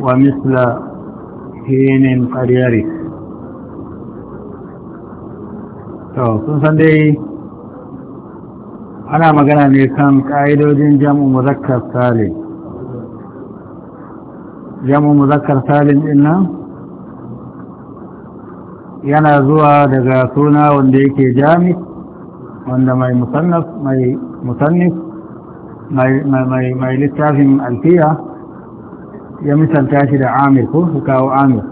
ومثل حين قد يرث to sun san dai ana magana ne kan ƙa'idojin jam'u muzakkar salim jam'u muzakkar salim din yana zuwa daga suna wanda yake jami wanda mai musannif mai musannif mai littafin alfiya ya misalta shi da amir ko su kawo amir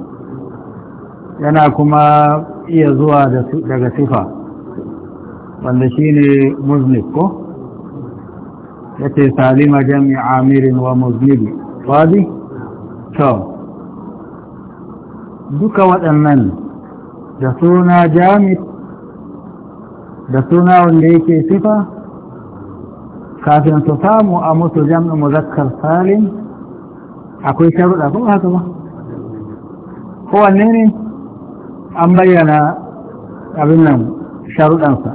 yana kuma iya zuwa daga sifa wanda shi ne Muznik ko ya ce salima jami amirin wa muznibi wazi? to duka waɗannan da suna jami da suna wanda yake sifa kafin su samu a musu jam'in zakar salim akwai sharuɗa kuma haka ba kowanne ne an bayyana abin nan sharuɗansa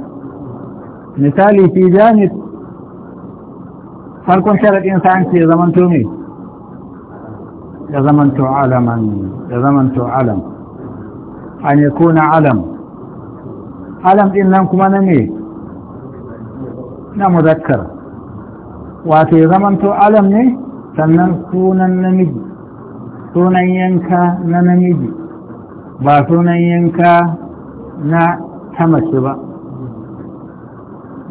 misali fi janib farkon sharaɗin sa an ce zamanto me ya zamanto alaman ya zamanto alam an ya kuna alam alam ɗin nan kuma na ne na muzakkar wato ya zamanto alam ne sannan sunan namiji sunan yanka na namiji ba sunan yanka na ta mace ba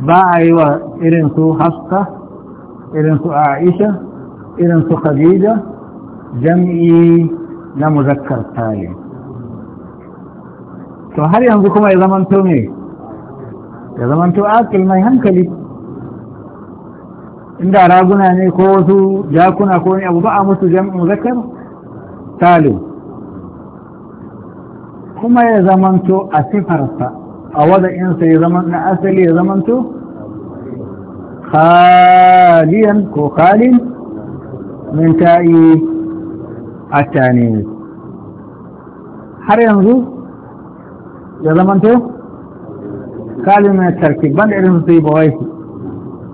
ba a yi wa irin su haska irin su aisha irin su khadija jam'i na muzakkar salim to har yanzu kuma ya zamanto ne ya zamanto akil mai hankali inda raguna ne ko wasu jakuna ko ne abu ba a musu jami'in zakar talib kuma ya zamanto a sifarsa a wada'insa ya zama na asali ya zamanto khaliyan ko khalin min ta'i a tane har yanzu ya zamanto khalin na tarki ban irin su yi bawai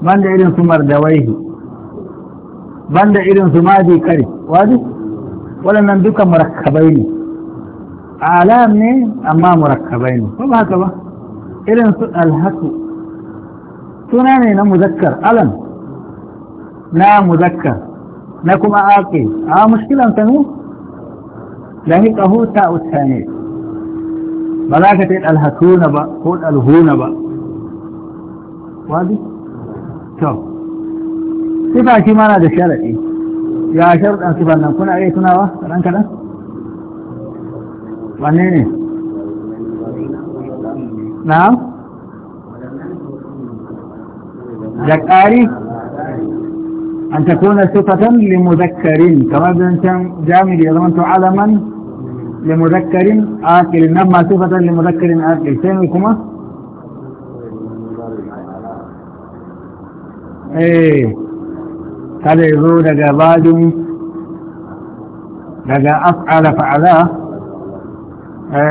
banda irin su mardawaihi banda irin su maji kare wadu waɗannan duka murakkabai ne alam ne amma murakkabai ne ko ba haka ba irin su alhaku suna ne na muzakkar alam na muzakkar na kuma ake a mushkilan ta ne da ni ƙaho ta ne ba za ka ta yi ba ko ɗalhuna ba wadu تو صفة ما لا يا شرط أن صفة لن كنا عليه تناوى فلن كلا وانيني نعم أن تكون صفة لمذكر كما بنت جامد يضمن علما لمذكر آكل نما صفة لمذكر آكل سين eh kada ya zo daga badin daga af'ala fa'ala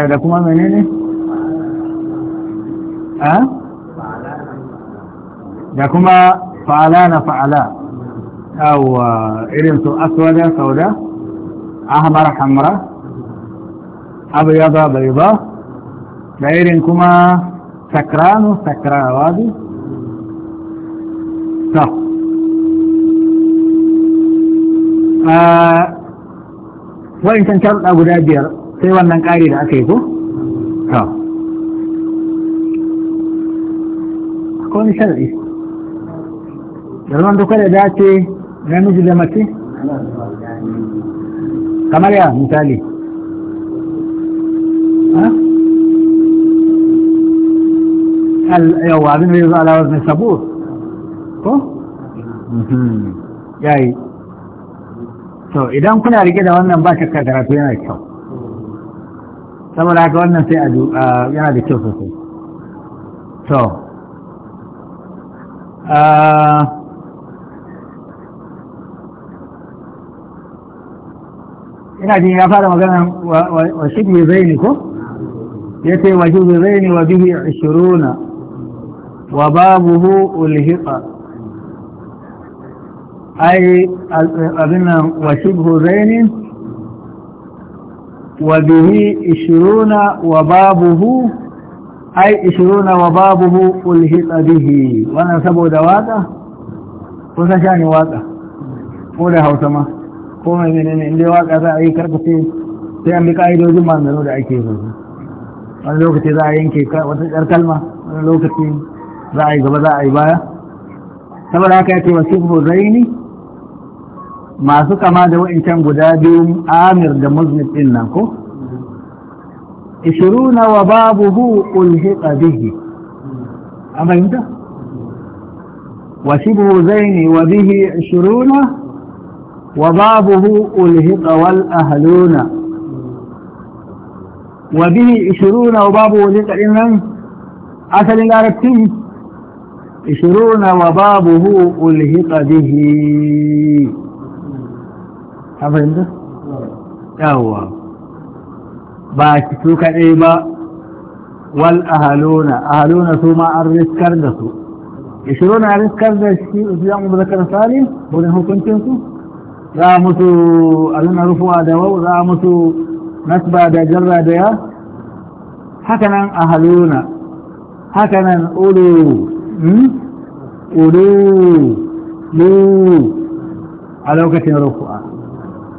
da kuma menene ha da kuma fa'ala na fa'ala yawa irin su aswada sauda ahmar hamra abyada bayda da irin kuma sakranu sakrawa biyu kyauta uh, wa'incan sharuɗa guda biyar sai wannan ƙari da aka yi ko? ta akwai wani sharaɗi da ruwan da ce namiji da mace kamar ya misali abin da ya zo alawar mai yayi to idan kuna rike da wannan ba shakka karatu yana da kyau saboda haka wannan sai a yana da kyau sosai to ina jin ya fara magana wa shibli zaini ko ya ce wa shibli zaini wa bihi ashiruna wa babuhu ulhiqa ai abin nan wa shibhu wa bihi ishiruna wa babuhu ai ishiruna wa babuhu ulhita bihi wannan saboda waka kusa sha ne ko da hausa ma ko menene inda waka za a yi sai an bi ka'idojin manzano da ake yanzu wani lokaci za a yanke wata ƙar kalma wani lokaci za a yi gaba za a baya saboda haka ya ce wasu masu kama da wa'incan guda biyu amir da muznif din nan ko ishiruna wa babu hu ulhiqa bihi a fahimta wa shibhu zaini wa bihi ishiruna wa babu hu ulhiqa wal ahluna wa bihi ishiruna wa babuhu ulhiqa din nan asalin larabcin ishiruna wa babu hu ulhiqa bihi ka fahimta yawwa ba su kaɗai ba wal ahaluna ahaluna su ma an riskar da su ishiro na riskar da shi su yan zakar salim wurin hukuncinsu za musu alina rufuwa da wau za musu nasba da jarra da ya hakanan ahaluna hakanan ulu hmm? ulu lu a lokacin rufuwa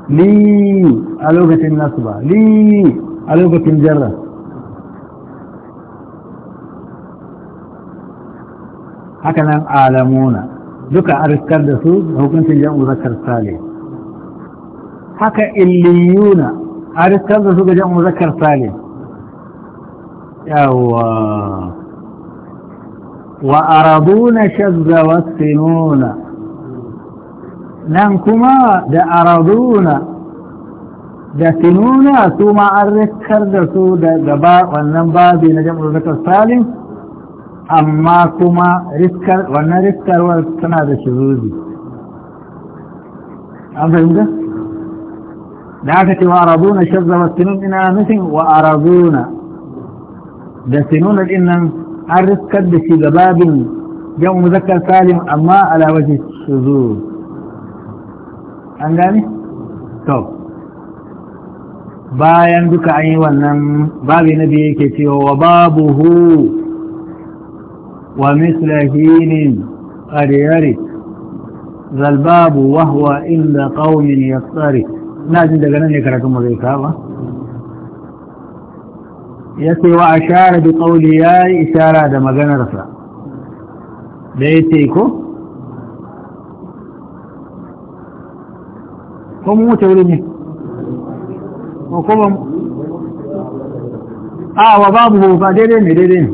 لي علوقة النصبة لي علوقة الجرة حكا نعم دوكا ذكا أرسكار دسوه هو كنت جاءوا مذكر صالح حكا إليونا أرسكار دسوه جاءوا مذكر صالح يهو وأرضون شذ وصنونا نانكما دا أرادونا دا تنونا ثم أرذكر دا سو دا دباء والنبابي نجم الذكر السالم أما كما رذكر وانا رذكر والسنة دا شهودي أفهم ده؟ دا كتوا أرادونا شذ والتنون إنا مثل وأرادونا دا تنونا لإنن أرذكر دا سي دباء جمع مذكر سالم أما على وجه الشذوذ an gane? to bayan duka an yi wannan babi na biyu yake cewa wa babu hu wa mislahinin ƙariyari zalbabu wahwa inda ƙaunin ya tsari na jin daga nan ne karatun mu zai saba ya ce wa a share da ƙauli ya yi ishara da maganarsa da ya ce ko? ko mu wuce wuri ne ko kuma a wa babu ba daidai ne daidai ne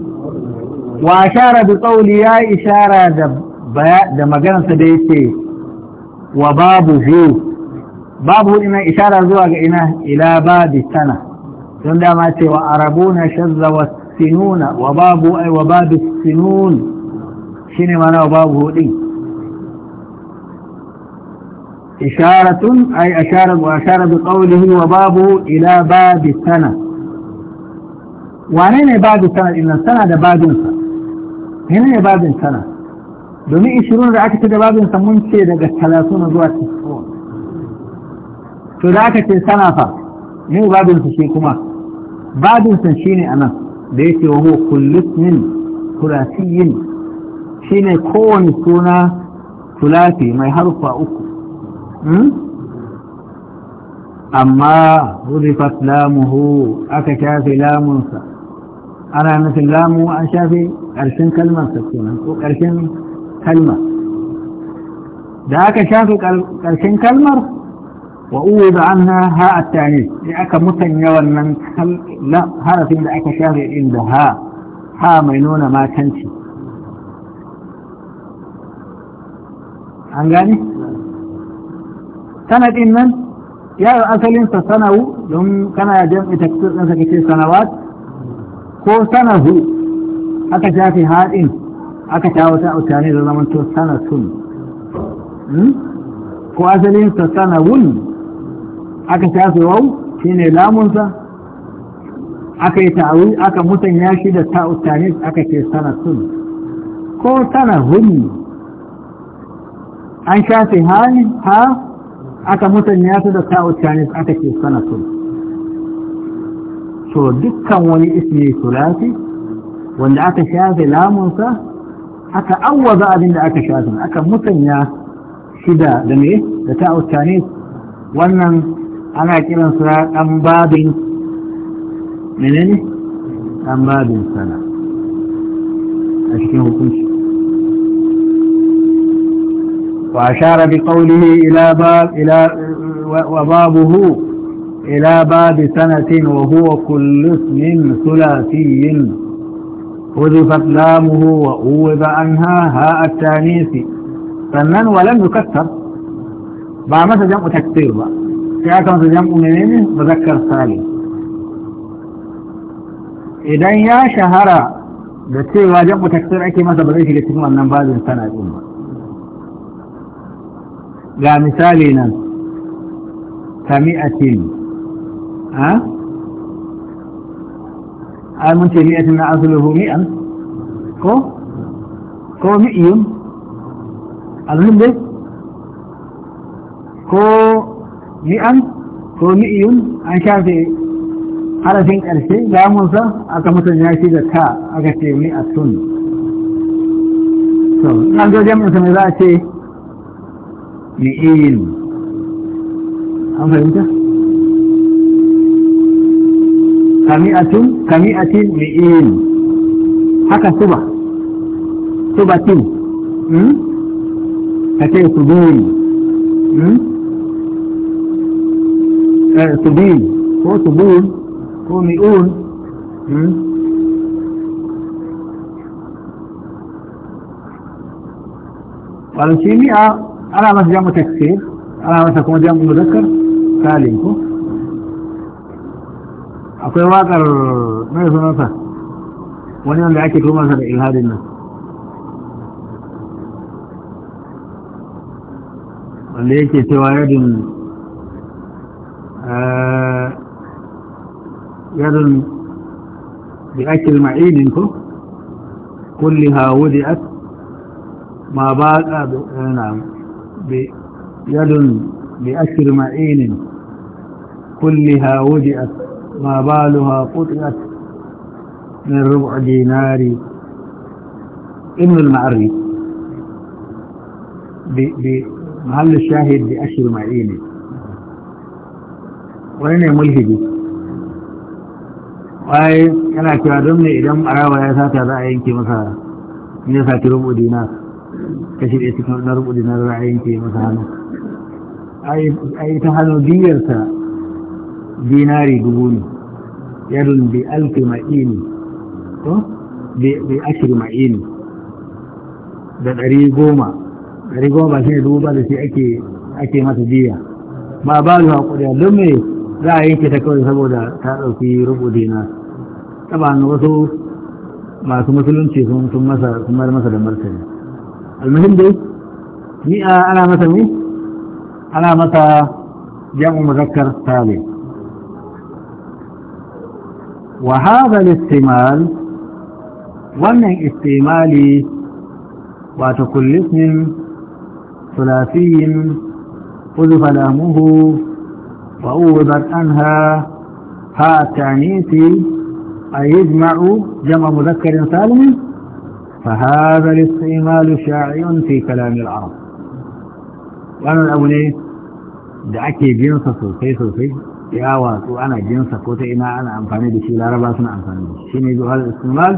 wa shara da tsauli ya ishara da da maganarsa da yake wa babu hu babu ina ishara zuwa ga ina ila babi sana don dama ce wa arabuna shazza wa sinuna wa babu ai wa babu sinun shine mana wa babu din إشارة أي أشار وأشار بقوله وبابه إلى باب السنة وعنين باب السنة إن السنة ده باب السنة هنا باب السنة دومي إشرون رأيك كده باب السنة من شيء ده الثلاثون ذو التسعون فذاك السنة فا مو باب السنة شيء كما باب السنة شيني أنا ديتي وهو كل اسم ثلاثي شيني كون سنة ثلاثي ما يحرف أكو Hmm? amma hurifat lamuhu aka shafe lamunsa ana nufin lamu an shafe ƙarshen kalmar kenan ko ƙarshen kalmar da aka shafe ƙarshen kalmar wa uwu da an ha ha a tani sai aka musanya wannan harafin da aka shafe inda ha ha mai nuna matanci an gane? sanadin nan ya yi asalinsa sanawu don kana jam'i tafsir ɗinsa kace sanawat ko sanahu aka shafi haɗin aka ta wata mutane da zaman to sanatun ko asalinsa sanawun aka shafi wau ne lamunsa aka yi ta'awi aka musanya shi da ta'utane aka ce sanatun ko sanahun an shafi ha aka musanya su da sa'o canis aka ce su, so dukkan wani ismi sulasi wanda aka shafe lamunsa aka awwaza abin da aka shafe aka musanya shida da me da sa'o wannan ana kiransa ɗan babin menene ɗan babin sana a cikin hukunci وأشار بقوله إلى باب إلى وبابه إلى باب سنة وهو كل اسم ثلاثي حذفت لامه وأوب عنها هاء التانيث فنن ولم يكثر بعد مثل جمع تكثير بقى ساعة أكثر مثل جمع منين بذكر سالي إذا يا شهرة بتصير جمع تكثير أكي مثل بذكر كثير من بعض سنة أمه ga misali nan kami'atin ha ai mun ce mi'atin na asuluhu mi'an ko ko mi'iyun alhum dai ko mi'an ko mi'iyun an shafe harafin ƙarshe lamunsa aka mutum shi da ta aka ce mi'atun to nan zo jami'insa mai za a ce لئيل أفهمت كمئة كمئة لئيل حكى سبا سبا تين كتير سبين آه، سبين هو سبون هو مئون ولو في مئة علامة جمع تكسير علامة كما جمع مذكر تاليكو أقول واقر ما يصنع نفسه ونعم لعكك لما سبع إلى هذه النفس وليك سوى يد آه، يد بأكل معين انكو كلها وضعت ما بعد آه، نعم بيد بأكر معين كلها وجئت ما بالها قطعت من ربع دينار ابن المعري بمحل الشاهد بأشر معين وين ولن يملهج وأي أنا كادمني إذا أرى ويساتي رأيك مثلا من يساتي ربع دينار ta shirya cikin wannan rubuɗi na ra'ayin ke masa hannu yi ta hannu biyarsa dinari dubu ne yarin bi alfi ma'ini to bi ashir ma'ini da ɗari goma ɗari goma ba shi ne dubu ba da shi ake masa biya ba ba da a don me za a yanke ta kawai saboda ta ɗauki rubuɗi na taɓa wasu masu musulunci sun masa da martani المهم دي مئة علامة مين علامة جمع مذكر التالي وهذا الاستعمال ومن استعمالي وتكل اسم ثلاثي قذف لامه وأوضت عنها ها التعنيث أي يجمع جمع مذكر سالم فهذا الاستعمال شائع في كلام العرب wannan abu ne da ake jinsa sosai sosai ya watsu ana jinsa ko ta ina ana amfani da shi laraba suna amfani da shi ne zuwa istimal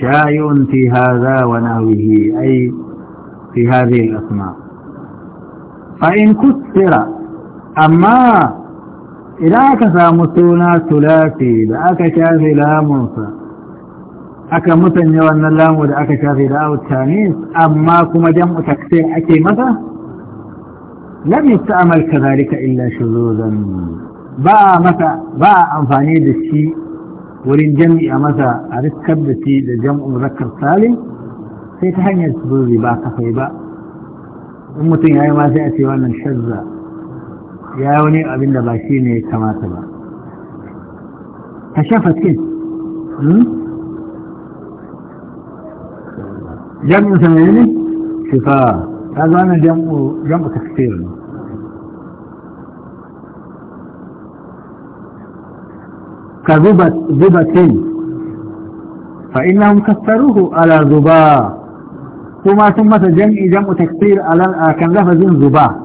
sha'iyun fi hadha wa nahwihi ay fi hadhihi al-asma fa in kusira amma idan aka samu suna tulasi da aka shafe lamunsa aka musanya wannan lamu da aka shafe da autane amma kuma jam'u taksir ake masa lam yusta'mal kadhalika illa shuzuzan ba masa ba amfani da shi wurin jam'i a masa a riskar da shi da jam'u muzakkar salim sai ta hanyar shuzuzi ba kafai ba in mutum yayi ma sai a ce wannan shazza ya yi wani abin da ba shi ne kamata ba ta shafa cikin hmm? جمع ثمانين شفاء هذا أنا جمع, جمع تكثير كذبت ذبة فإنهم كثروه على ذباء ثم ثم جمع جمع تكثير على كان لفظ ذباء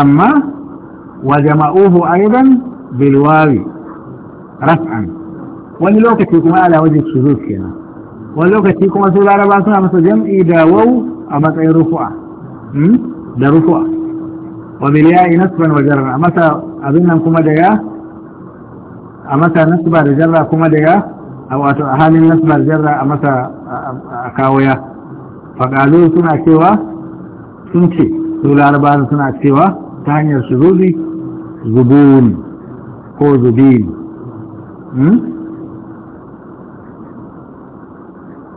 أما وجمعوه أيضا بالواو رفعا ولو كتبكم على وجه الشذوذ كنا wani lokaci kuma su laraba suna masa jam'i da wau a matsayin rufu'a hmm? da rufu'a wa yi nasban wa jarra a masa abin nan kuma da ya a masa nasba da jarra kuma da ya a wato a halin nasba da jarra a masa a kawo ya faƙalu suna cewa sun ce su laraba suna cewa ta hanyar shuruzi zubun ko zubin hmm?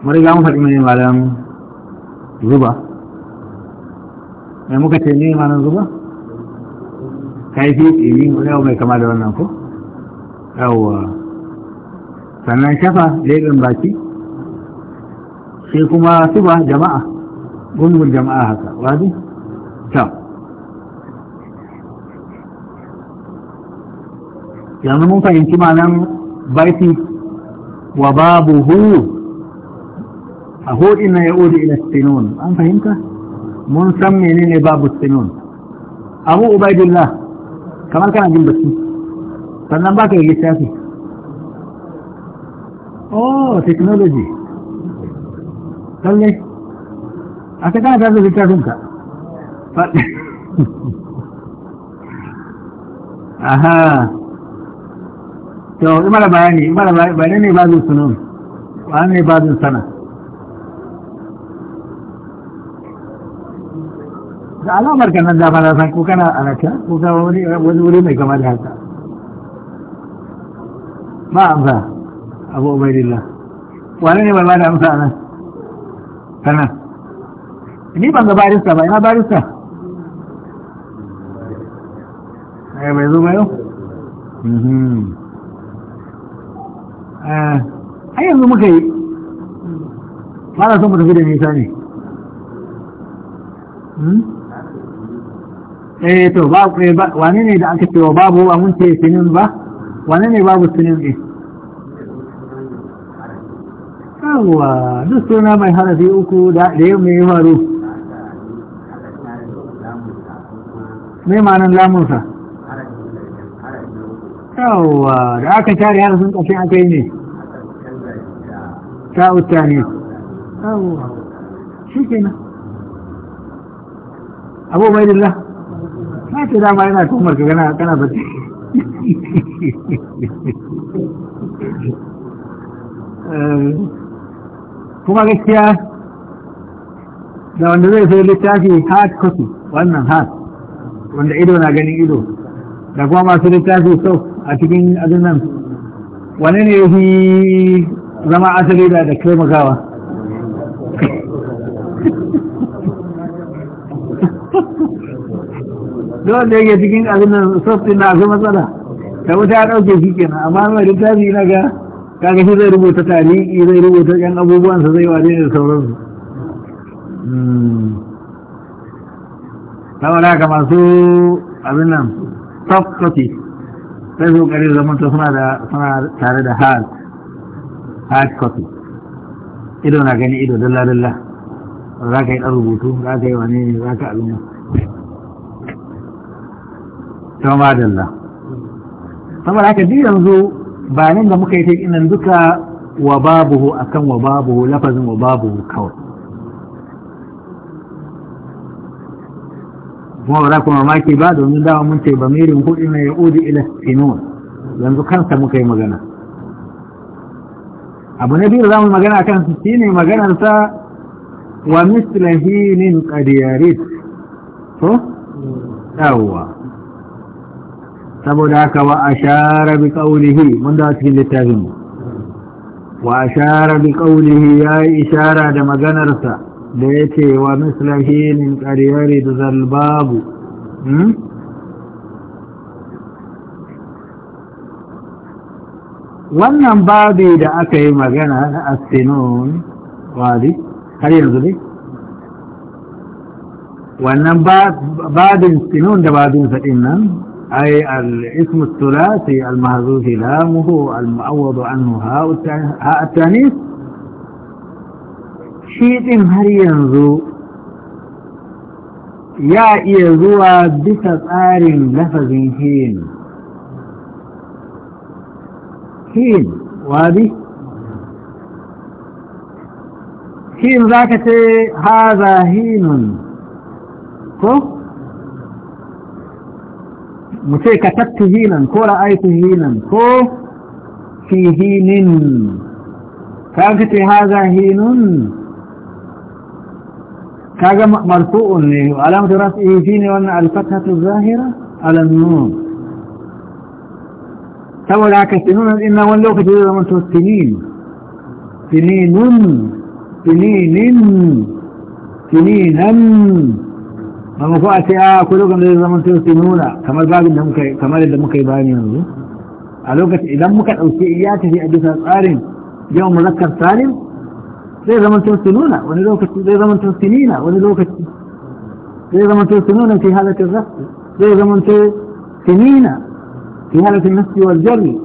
mun ga mun faɗi mai malam zuba mai muka ce ne malam zuba fi tsiri wani abu mai kama da wannan ko yawwa sannan shafa leɓen baki sai kuma ba jama'a gungun jama'a haka wadi ta yanzu mun fahimci malam baiti wa babu hu أهو إن يؤدي إلى السنون أم فهمت منسمي نيني باب السنون أبو عبيد الله كمان كان أجل بسي فلن باك يجسافي أوه تكنولوجي قال لي أتكاد هذا ذكرتك ف... أها to imara bayani imara bayani ne bazin sunan wani ne bazin sana da alamar ka nan dama na san ko kana alaka ko ka wani wuri mai kama da haka ba amsa abu ubaidillah wani ne bai ba da amsa nan nan ni ban ga barista ba ina barista ai eh, bai zo ba yau mhm. eh, a yanzu muka yi ba na son mu tafi da nisa ne Hmm? eh to ba eh, wani ne da aka cewa babu a mun ce sinin ba wani ne babu sinin ne yawwa duk suna mai harafi uku da yau mai faru mai manan lamunsa yawwa da aka tare harafin ƙashin aka yi ne ta utane yawwa shi kenan abu bai dilla na ce dama yana tumar ka gana kana bacci eh, kuma gaskiya da wanda zai sai littafi hard copy wannan hard wanda ido na ganin ido da kuma masu littafi so a cikin adunan nan wani ne ya fi zama asali da da taimakawa dole da yake cikin abin nan soft na akwai matsala ta wuta ya ɗauke shi kenan amma mai littafi na ga kaga shi zai rubuta tarihi zai rubuta yan sa zai wane da sauransu wala hmm. ka masu abin nan soft copy sai su kare zamanta suna suna tare da hard hard copy ido na gani ido dalla dalla za ka yi ɗan rubutu za ka yi wane za ka alumma ta madalla saboda haka duk yanzu nan da muka yi ta inan duka wa babuhu akan wa babuhu lafazin wa babuhu kawai kuma ba za ku mamaki ba domin dama mun ce ba mirin hudu na ya'udi ila sinon yanzu kansa muka yi magana abu na biyu da zamu magana kan su shine maganarsa wa mislahinin qad yarid to yawwa saboda haka wa shara bi ƙaunihi, mun da cikin littafin wa a shara bi ƙaunihi ya yi ishara da maganarsa da ya ce wa mislahinin da zalbabu hmm? wannan babi da aka yi magana na astinon wadi har yanzu ne wannan babin sinon da babin faɗin nan أي الاسم الثلاثي المهزوز لامه المعوض عنه هاء ها التانيس شيت هر ينزو يا يزوى بس طار لفظ حين حين وادي حين ذاك هذا حين كو mu ce ka tattu hinan ko ra'aitu hinan ko fi hinin ka fi ce haza hinun ka ga marfu'un ne alamatu rafi'i shi ne wannan alfatatu zahira alam nun saboda haka sinun din nan wani lokaci zai zama to sinin sininun sininin sininan amma ko a ce a ah, ko lokacin da zai zama sai nuna kamar babin da muka kamar yadda muka yi bayani yanzu a lokacin idan muka ɗauke iya tafi a bisa tsarin yawan muzakkar salim zai zama sai nuna wani lokaci zai zama sai nuna wani lokaci zai zama sai nuna fi halatin rafi zai zama sai nuna fi halatin nasi wal jarri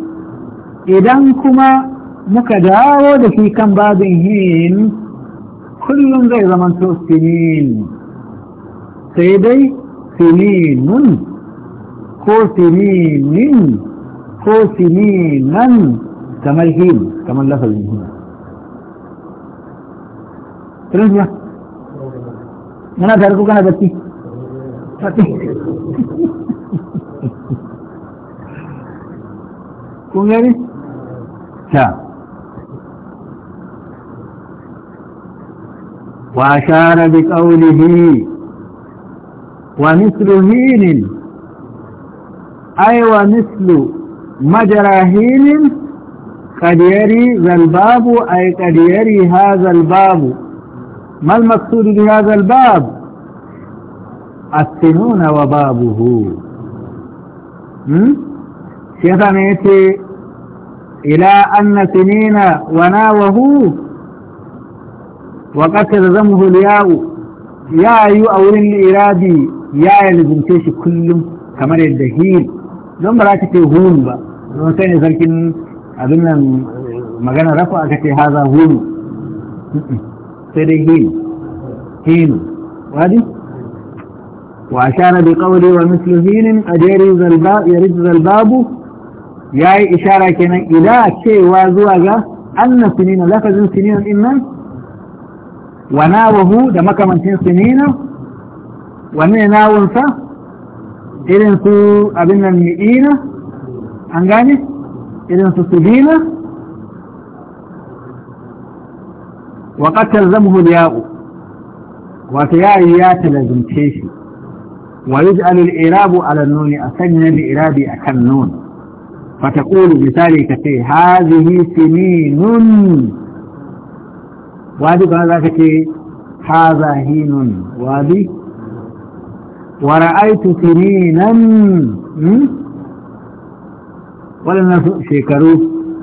idan kuma muka dawo da shi kan babin hin kullum zai zama sai nuna sai dai sininun ko sininin ko sininan kamar hin kamar lafazin hin tunan ya tare ko kana kun ومثل هين أي ومثل مجرى هين قد يري ذا الباب أي قد يري هذا الباب ما المقصود بهذا الباب السنون وبابه شيخنا ميتي إلى أن سنين وناوه وقد تلزمه الياء يا أيها الإرادي ya yalzumce shi kullum kamar yadda hil don ba za ta ce hun ba don sai ne sarkin abin nan magana rafa aka ce haza hun sai dai hil hil wadi wa shana bi qawli wa mislu hilin ajri zalbab yarid zalbabu yayi ishara kenan ila cewa zuwa ga anna sinina lafazin sinina innan wa nawahu da makamancin sinina wanne nawunsa irin su abin nan mi'ina an gane irin su subina wa qatal zamhu ya'u wata yayi ya talazumce shi wa ji alul irabu 'ala an-nun asanya al-i'rabi akan nun فتقول مثالي كثير ba za ka ce ذاك هذا هين wadi wara'aitu sininan waɗannan shekaru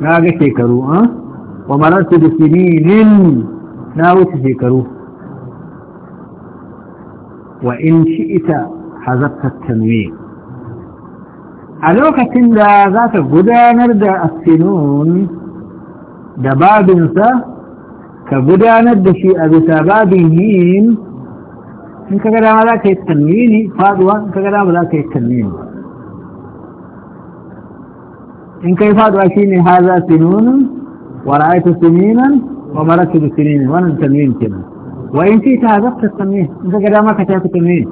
na ga shekaru wa marartu da sininin na wuce shekaru wa in shi ita hazartar tanwe a lokacin da za ka gudanar da asinun da babinsa ka gudanar da shi a bisa babin yin in ka ga dama za ka yi tanwini faduwa in ka ga dama za ka yi tanwini in kai faduwa shine haza sinunun wa ra'aytu sininan wa maratu bi sinin wannan tanwin kenan wa in fi ta hazafta tanwin in ka ga dama ka tafi tanwin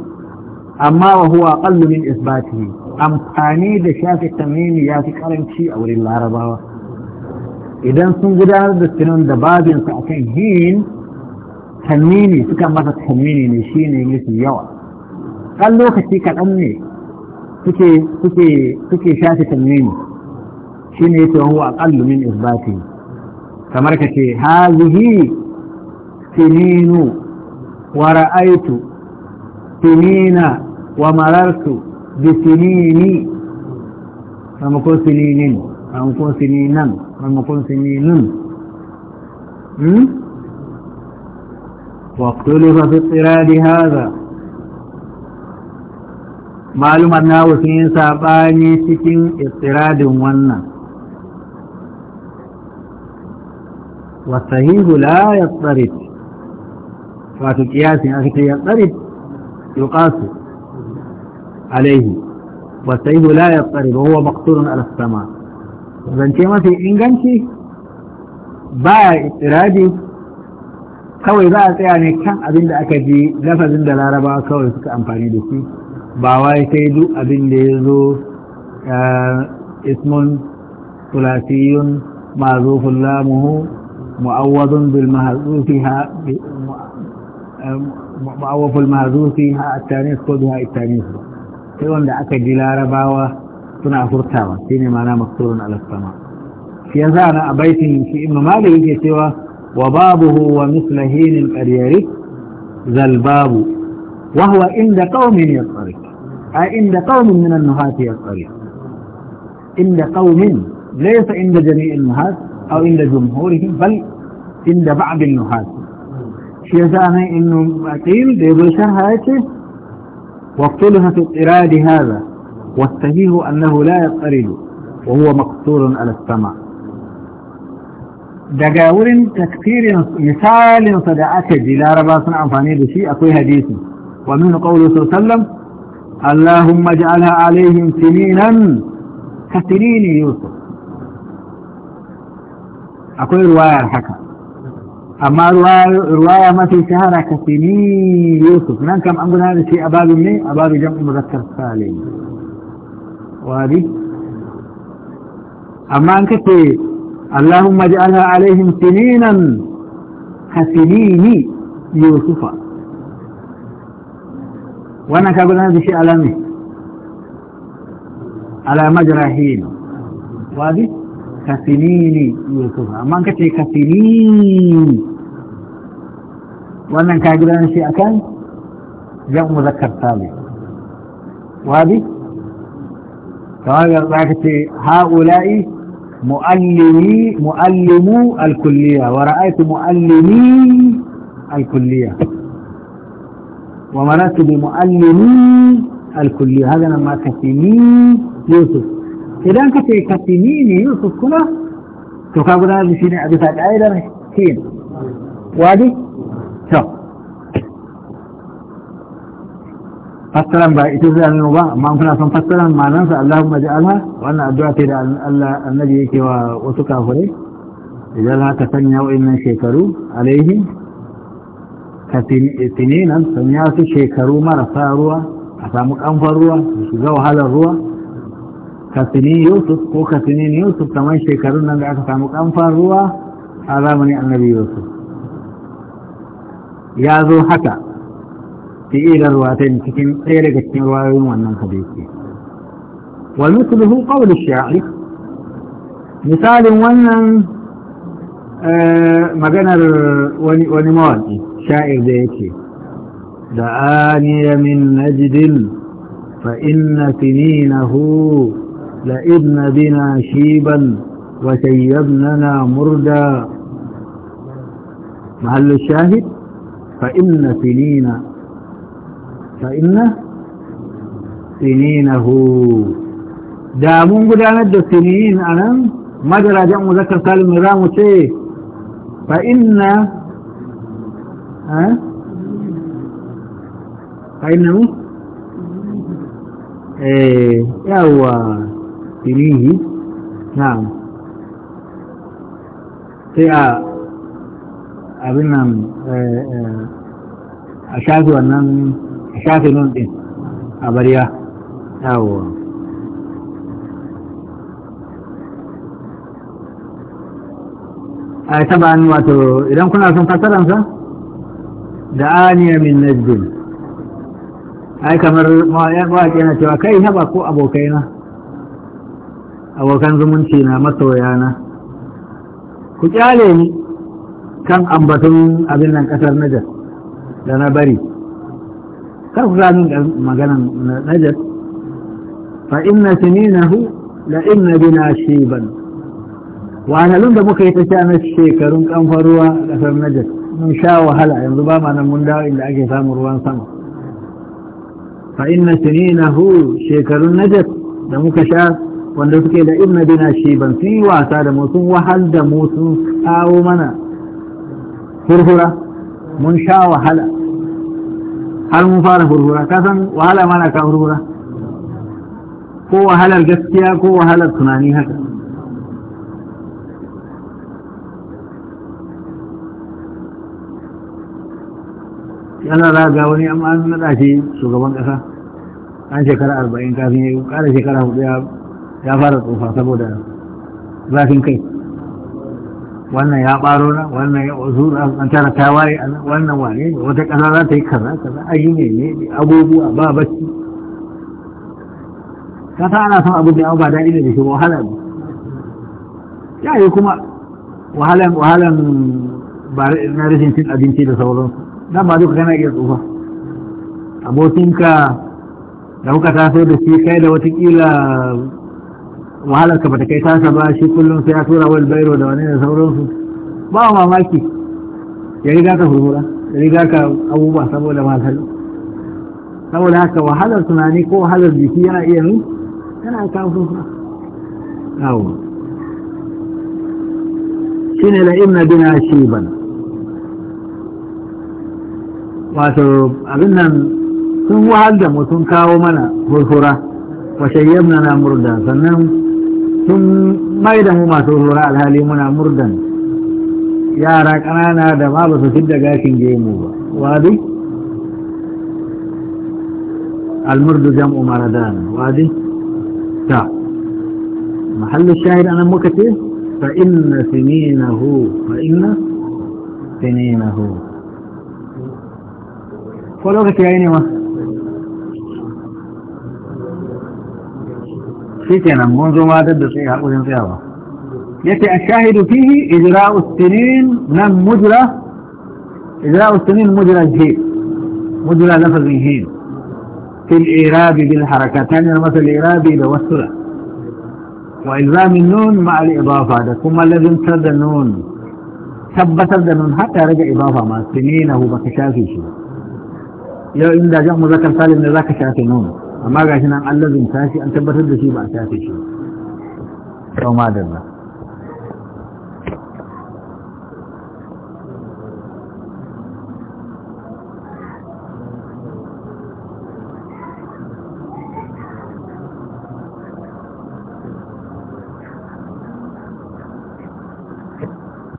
amma wa huwa aqallu min isbatihi amfani da shafi tanwini ya fi karanci a wurin larabawa idan sun gudanar da sinun da babinsa akan hin tammini suka masa tammini ne shi ne mafi yawa ɗan lokaci kaɗan ne suke shafi tammini shi ne yake huwa aƙallu min isbati kamar ka ce "Ha zuhi tininu wa ra'aitu tinina wa mararsu bi tinini ramakon sininin ramakon sininan ramakon sininin hmm? واختلف في اضطراد هذا معلوم أنه سنين ساباني سكين اضطراد ونا والصحيح لا يضطرد فاتقياس أكثر يعني يضطرد يقاس عليه والصحيح لا يضطرد وهو مقتول على السماء zance كما في ba باع اضطراده kawai za a tsaya ne kan abin da aka ji lafazin da larabawa kawai suka amfani da shi ba wai sai duk abin da ya zo eh, ismun sulasiyun mazufun lamuhu mu'awwadun bil mahzufi ha eh, mu'awwaful mahzufi ha at-tanis ko duha at-tanis sai wanda aka ji larabawa suna furtawa shine ma'ana maksurun al-sama shi yasa na a baitin shi imam malik yake cewa وبابه ومثل هين الأريارك ذا الباب وهو عند قوم يطرق أي عند قوم من النهاة يطرق عند قوم ليس عند جميع النهاة أو عند جمهورهم بل عند بعض النهاة شيء ثاني إنه أقيل ديبل شهاته وابطلها في اضطراد هذا والصحيح أنه لا يطرد وهو مقصور على السماء daga wurin takfirin misalinsa da aka ji laraba suna amfani da shi akwai hadisi wa min qawli sallam Allahumma ij'alha alaihim sininan kasinini yusuf akwai ruwaya haka amma ruwaya mafi shahara kasini yusuf nan kam an gudanar da shi a babin ne a babin jam'in muzakkar salim wadi amma an kace اللهم اجعلها عليهم سنينا كسنين يوسف وانا كابل هذا الشيء على مه على مجرحين واضح كسنين يوسف اما انك تشي كسنين وانا كابل هذا الشيء اكان جاء مذكر ثالث واضح كما قال هؤلاء muallimi muallimu alkulliya wa ra'aytu muallimi alkulliya wa maratu bi muallimi alkulliya ma kasimi yusuf idan ka ce kasimi ne yusuf kuma to ka gudanar da shi ne a bisa ƙa'idar kin wadi fassaran ba ita zai nuna ba amma kuna son fassaran manansa Allahumma ja'alha wannan addu'a ce da Allah annabi yake wa wasu kafure, idan haka sanya wa'annan shekaru alaihim ka tininan sanya su shekaru marasa ruwa a samu kamfan ruwa su wahalar ruwa ka yusuf ko ka yusuf kamar shekarun nan da aka samu kamfan ruwa a zamanin annabi yusuf ya zo haka إذا رواتين تكن خير قتن رواتين وأنن خبيثي والمثل هو قول الشاعر مثال وأنن آه، ما بين ونمواتي شاعر ذيكي دعاني من نجد فإن سنينه لإبن بنا شيبا وسيبننا مردا محل الشاهد فإن سنين فإن سنينه دامون قدانت دا سنين أنا ما جرى جاء مذكر سالم نظام شيء فإن أه؟ فإنه ايه يهو سنينه نعم sai أبنى أشاهد أنه shafe nun din a bariya yawo a ta ni wato idan kuna son fasaransa da aniya min najdin ai kamar mawaƙi na cewa kai haɓa ko abokaina abokan zumunci na masoya na. ku kyale ni kan ambatun abin nan ƙasar najar da na bari kar ku zamin ga maganan najas fa inna sininahu la inna bina shiban wahalhalun da muka yi ta sha na shekarun kamfan ruwa kasar najas mun sha wahala yanzu ba ma nan mun dawo inda ake samun ruwan sama fa inna sininahu shekarun najas da muka sha wanda suke da inna bina shiban Sun yi wasa da mu sun wahal da mu sun kawo mana furfura mun sha wahala har mun fara furfura ka san wahala mana ka furfura ko wahalar gaskiya ko wahalar tunani haka yana za ga wani amma an naɗa shi shugaban ƙasa an shekara arba'in kafin ya yi ƙara shekara hudu ya fara tsufa saboda zafin kai wannan ya ɓaro na wannan ya zura an tara tawaye a wannan wane ne wata ƙasa za ta yi kaza kaza yi ne ne abubuwa ba bacci ka ta ana son abu da ba daɗi ne da shi wahala ne ya yi kuma wahalan wahalan na rashin cin abinci da sauran dan ba duka kana iya tsufa abokinka da kuka taso da shi kai da watakila wahalar ka bata kai tasa ba shi kullum sai ya tura wal bairo da wani da sauransu ba mamaki ya riga ka hurhura ya riga ka abubuwa saboda wahalar saboda haka wahalar tunani ko wahalar jiki yana iya yi, yana kawo fufa yawo shi ne la'im na bina shi ban wato abin nan sun wahal da mutum kawo mana hurhura wa shayyabna na murda sannan sun mai da mu masu lura alhali muna murdan yara ƙanana da ma ba su fidda gashin gemu ba wadi almurdu jam'u maradan wadi ta mahallu shahid anan muka ce fa inna sininahu fa inna sininahu ko lokaci yayi ne ma فتنا منذ مادد فيها أذن الشاهد فيه إجراء السنين من مجرى إجراء السنين مجرى الجيب مجرى لفظ الجيب في الإيراب بالحركتان يعني المثل الإيراب إذا وصل وإلزام النون مع الإضافة ثم الذي امتد النون ثبت النون حتى رجع إضافة مع السنين أو بكشافي شيء يو إن دا جاء مذكر سالم لذاك شاف النون amma gashi nan an lazumta shi an tabbatar da shi ba a tafi shi. Sau madalla.